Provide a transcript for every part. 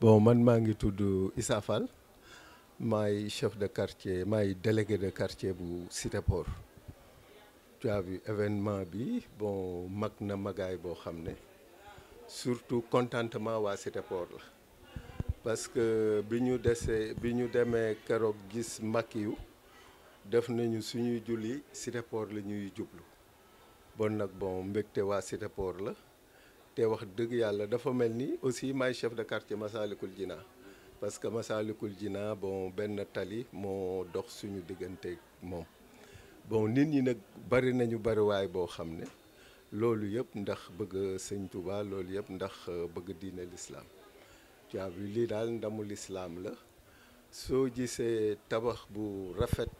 bon man maa ngi tudd Issa maay chef de quartier maay délégué de quartier bu Cité Port tu événement bi bon mag na magaay boo xam ne surtout contentement waa Cité la parce que bi ñu desee bi ñu demee keroog gis Macky yu def nañu suñuy julli Cité Port la ñuy jublu bon nag bon mbégte waa Cité la te wax dëgg yàlla dafa mel ni aussi maay chef de quartier Massalikul Jinaa parce que Massalikul Jinaa bon benn tali moo dox suñu diggante moom bon nit ñi nag bari nañu bariwaay boo xam ne loolu yëpp ndax bëgg sëñ Touba loolu yëpp ndax euh, bëgg diine lislaam tu as vu lii daal ndamu lislaam la soo jiisee tabax bu rafet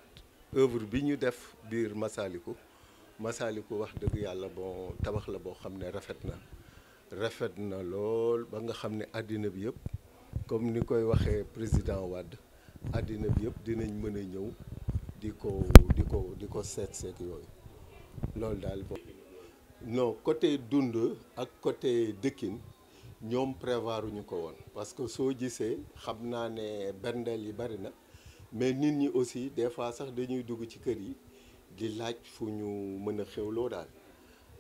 œuvre bi ñu def biir Massaliku Massaliku wax dëgg yàlla boo tabax la boo xam ne rafet na rafet na lool ba nga xam ne àddina bi yëpp comme ni koy waxee président Wade àddina bi yëpp dinañ mën a ñëw di ko di ko di ko seet seet yooyu loolu daal bo non côté dund ak côté dëkkin ñoom ñu ko woon parce que soo gisee xam naa ne berndeel yi bari na mais nit ñi aussi des fois sax dañuy dugg ci kër yi di laaj fu ñu mën a xewloo daal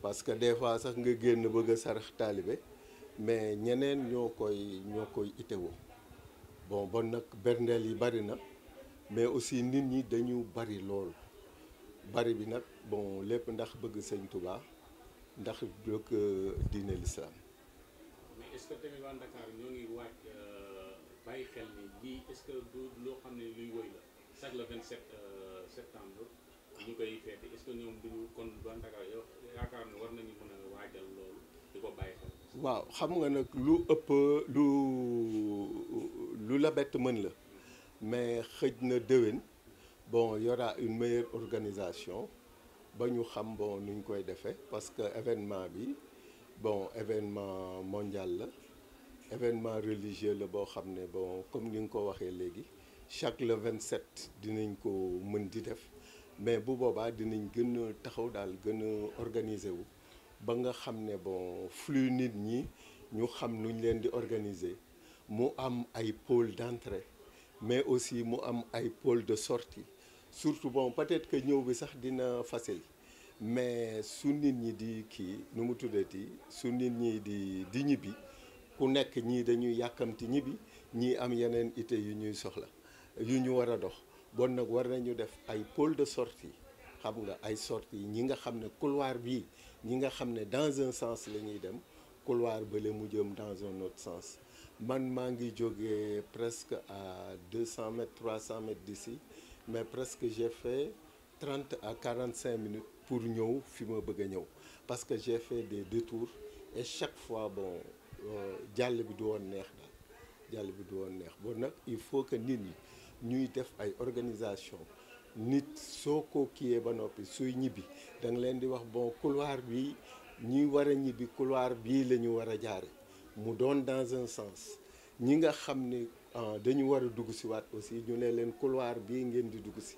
parce que des fois sax nga génn bëgg a sarax taalibe mais ñeneen ñoo koy ñoo koy itewoo bon bon nag berndeel yi bari na mais aussi nit ñi dañu bari lool bari bi nag bon lépp ndax bëgg sëñ Touba ndax bëgg euh, diine l'islam mais est-ce ñoo ngi waaj euh, bàyyi xel ni est-ce que loo xam ne luy woy la chaque euh, septembre. ñu kon bantaka yaakaar ne war nañu mën a waajal waaw xam nga nag lu ëpp lu lu la bett mën la mais xëj na déwén bon y aura une meilleure organisation ba ñu xam bon nuñ koy defee parce que événement bi bon événement mondial la événement religieux la boo xam ne bon comme ni nga ko waxee léegi chaque le 27 dinañ ko mën di def mais bu boobaa dinañ gën taxaw daal gën a organiser wu ba nga xam ne bon flux nit ñi ñu xam nuñ leen di organiser mu am ay pôle d'entrée mais aussi mu am ay pôle de sorti surtout bon peut-être que ñëw bi sax dina facile mais su nit ñi di kii nu mu tuddati su nit ñi di di ñibbi ku nekk ñii dañuy yàkkamti ñibbi ñii am yeneen ité yu ñuy soxla yu ñu war a dox bon nag war nañu def ay pôle de sortie xam nga ay sortie ñi nga xam ne couloir bii ñi nga xam ne dans un sens la ñuy dem couloir bale mu jëm dans un autre sens man maa ngi jógee presque à 200 mètres 300 di si mais presque j'ai fait 30 à cinq minutes pour ñëw fi ma bëgg ñëw parce que j'ai fait des détours et chaque fois bon euh, jàll bi du woon neex daal jàll bi du woon neex bon nag il faut que nit ñi ñuy def ay organisation nit soo ko kiiyee ba noppi suy ñibbi da leen di wax bon couloir bi ñuy war a ñibbi couloir bii lañu war a jaare mu doon dans un sens ñi nga xam ne ah, dañu war a dugg si waat aussi ñu ne leen couloir bii ngeen di dugg si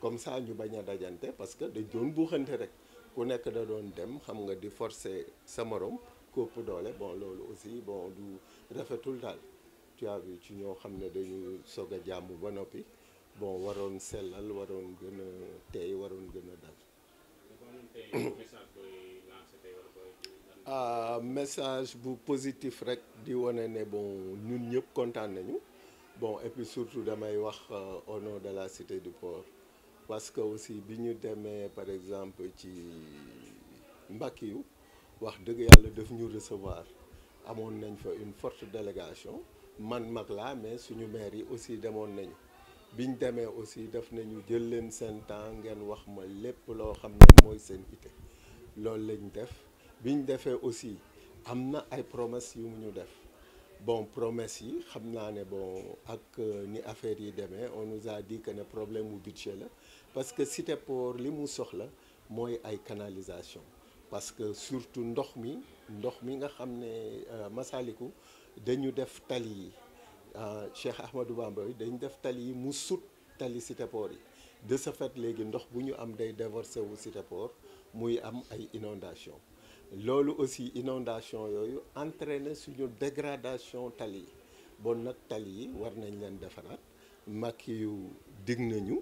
comme ça ñu bañ a dajante parce que dañ doon buuxante rek ku nekk da doon dem xam nga di forcer sa morom kopp doole bon loolu aussi bon du rafetul daal tuyaab ci ñoo xam ne dañuy soog a jàmm ba noppi bon waroon sellal waroon gën a waroon gën a dal ah message bu positif rek di wane ne bon ñun ñëpp kontaan nañu bon et surtout damay wax euh, au nom de la cité du port parce que aussi bi ñu demee par exemple ci yu wax dëgg yàlla def ñu recevoir amoon nañ fa une forte délégation man mag laa mais suñu maire yi aussi demoon nañu biñ demee aussi def nañu jël leen seen temps ngeen wax ma lépp loo xam ne mooy seen ité loolu lañu def biñ defee aussi am na ay promesses yu mu ñu def bon promesse yi xam naa ne bon ak euh, ni affaire yi demee on nous a dit que ne problème mu budget la parce que cité port li mu soxla mooy ay canalisation parce que surtout ndox mi ndox mi nga xam ne euh, masaliku dañu def tali yi ah, Cheikh Ahmadou Bamba dañu def tali yi mu sut tali cité yi de ce fait léegi ndox bu ñu am day déversé wu cité muy am ay inondation loolu aussi inondation yooyu entraîné suñu degradation tali yi bon nag tali yi war nañ leen defaraat Macky yu dig nañu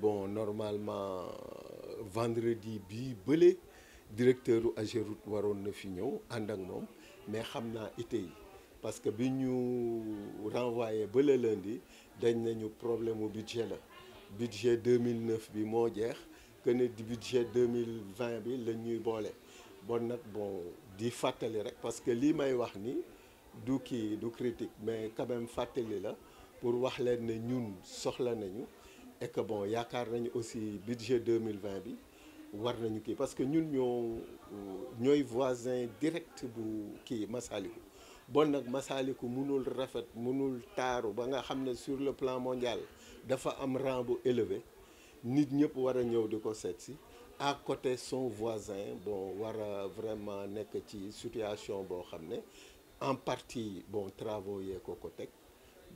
bon normalement vendredi bi bële directeur u AGEROUTE waroon na fi ñëw ànd ak moom mais xam naa ité yi parce que bi ñu renvoyé ba le lundi dañ nañu problème mu budget la budget 2009 bi moo jeex que ne di budget 2020 bi la ñuy boole bon nag bon di fàttali rek parce que lii may wax ni du kii du critique mais quand même fàttali la pour wax leen ne ñun soxla nañu et bon yaakaar nañu aussi budget 2020 bi war nañu kii parce que ñun ñoo ñooy voisin direct bu kii Masalikul bon nag Massalikul munul rafet munul taaru ba nga xam ne sur le plan mondial dafa am rang bu nit ñëpp war a ñëw di ko seet si à côté son voisin bon war a vraiment nekk ci situation boo xam ne en partie bon travaux yee ko ko teg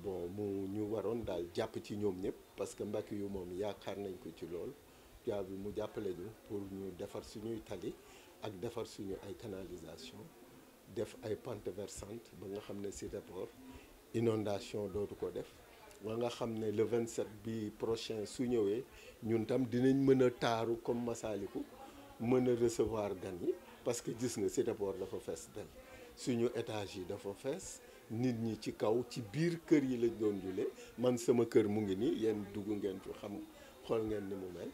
bon mu ñu waroon daal jàpp ci ñoom ñëpp parce que Mbacke yu moom yaakaar nañ ko ci lool jaa bi mu jàppale ñu pour ñu defar suñuy tali ak defar suñu ay canalisation def ay pente versante ba nga xam ne si report inondation dootu ko def wa nga xam ne le 27 bi prochain su ñëwee ñun tam dinañ mën a taaru comme Massalikou mën a recevoir gan yi parce que gis nga si report dafa fees del suñu étage yi dafa fees nit ñi ci kaw ci biir kër yi lañ doon julee man sama kër mu ngi nii yéen dugg ngeen fi xam xool ngeen ni mu mel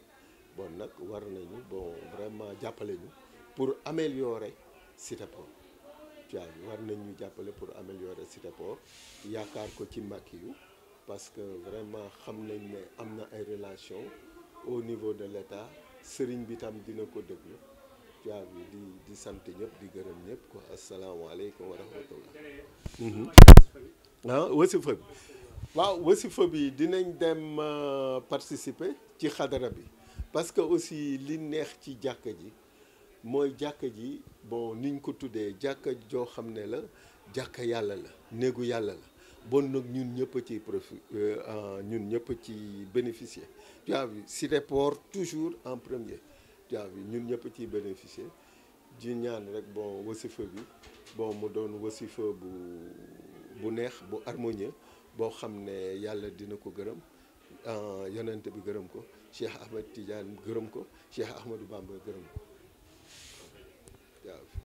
bon nag war nañu bon vraiment jàppale ñu pour améliorer Cité Port Diagne war nañ ñu jàppale pour améliorer cité port yaakaar ko ci Macky yu parce que vraiment xam nañ ne am na ay relation au niveau de l'état sëriñ bi tam dina ko déglu Diagne di di sant ñëpp di gërëm ñëpp quoi asalaamaaleykum wa rahmatullah mm-hmm. ah wasifa bi waaw wasifa bi dinañ dem euh, participer ci xadara bi parce que aussi li neex ci jàkka ji mooy jàkka ji bon niñ ko tuddee jàkk joo xam ne la jàkka yàlla la néegu yàlla la bon nag ñun ñëpp ci profit euh, ñun ñëpp ci bénéficier tu as si report toujours en premier tu as ñun ñëpp ci bénéficier ji ñaan rek bon wasifa bi bon mu doon wasifa bu bu neex bu harmonieux boo xam ne yàlla dina ko gërëm yonent bi gërëm ko Cheikh Ahmed Tidiane gërëm ko Cheikh Ahmadou Bamba gërëm ko